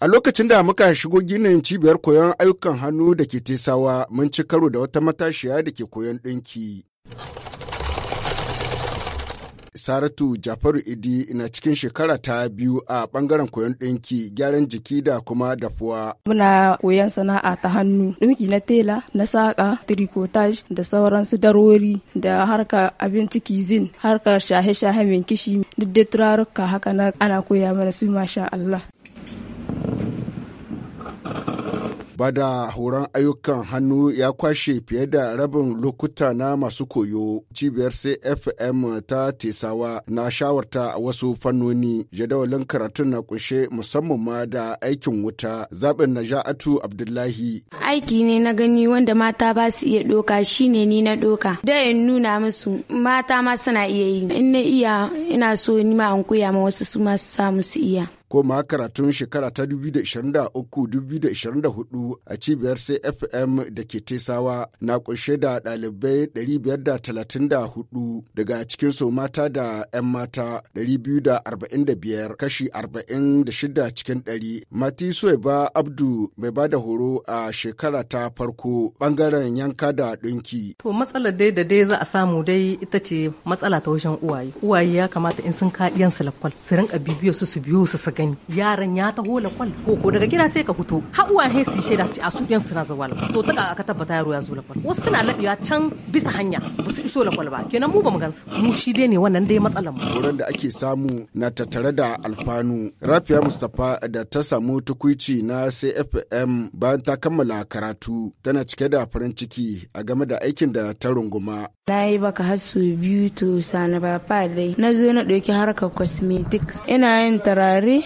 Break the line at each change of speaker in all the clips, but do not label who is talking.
A lokacin da muka shigo ginin cibiyar koyon ayyukan hannu da ke tesawa mun ci karo da wata matashiya da ke koyon ɗinki. Saratu Jafaru Idi na cikin shekara ta biyu a bangaren koyon ɗinki gyaran jiki da kuma dafuwa.
Muna koyon sana'a ta hannu, ɗinki na tela, na saƙa, tricotage da sauransu darori da harka abinci kizin, harka shahe-shahe mai kishi duk da turaruka haka na ana koya mana su masha Allah.
ba da horon ayyukan hannu ya kwashe fiye da rabin lokuta na masu koyo cibiyar cfm ta tesawa na shawarta a wasu fannoni jadawalin karatun na kunshe musamman ma da aikin wuta zaɓin naja'atu abdullahi
aiki ne na gani wanda mata ba su iya ɗoka shine ni na ɗoka da in nuna musu mata ma suna iya yi in na iya ina so ni ma an koya ma wasu su ma su samu su iya
ko ma karatun shekara ta 2023-2024 a cibiyar CFM da ke Tesawa na kunshe da ɗalibai 534 daga cikin su mata da 'yan mata 245 kashi 46 cikin 100. Mati Suwaiba Abdu mai ba da horo a shekara ta farko bangaren yanka da ɗinki. To matsalar dai da dai za a samu dai ita ce matsala ta wajen uwaye. Uwaye ya kamata in sun kaɗiyan su lakwal su rinka bibiyo su su biyo su gani yaran ya taho lakwal ko ko daga gida sai ka fito hauwa he su shaida
ci a su yan suna zuwa la to taka aka tabbata yaro ya zo kwal wasu suna labiya can bisa hanya ba su iso lakwal ba kenan mu ba mu gansu mu shi dai ne wannan dai matsalar mu
horon da ake samu na tattare da alfanu rafiya mustapha da ta samu tukuici na cfm bayan ta kammala karatu tana cike da farin ciki a game da aikin da ta runguma na
yi baka hasu biyu to sani ba dai na zo na ɗauki harkar cosmetic ina yin tarare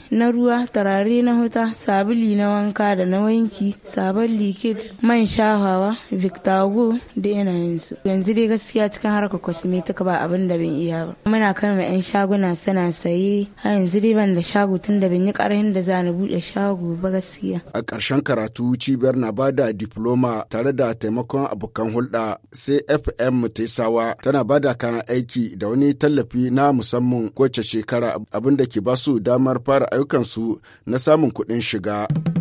na ruwa turare na huta sabuli na wanka da na wanki sabon likid man shafawa victago da yanayinsu yanzu dai gaskiya cikin harkar cosmetic ba abin da ban iya ba muna kan yan shaguna suna saye a yanzu dai ban da shago tun da ban yi karhin da za ni bude shago ba gaskiya
a ƙarshen karatu cibiyar na ba da diploma tare da taimakon abokan hulɗa cfm fm tana ba da kayan aiki da wani tallafi na musamman kowace shekara abin da ke ba su damar fara ayyukansu na samun kuɗin shiga.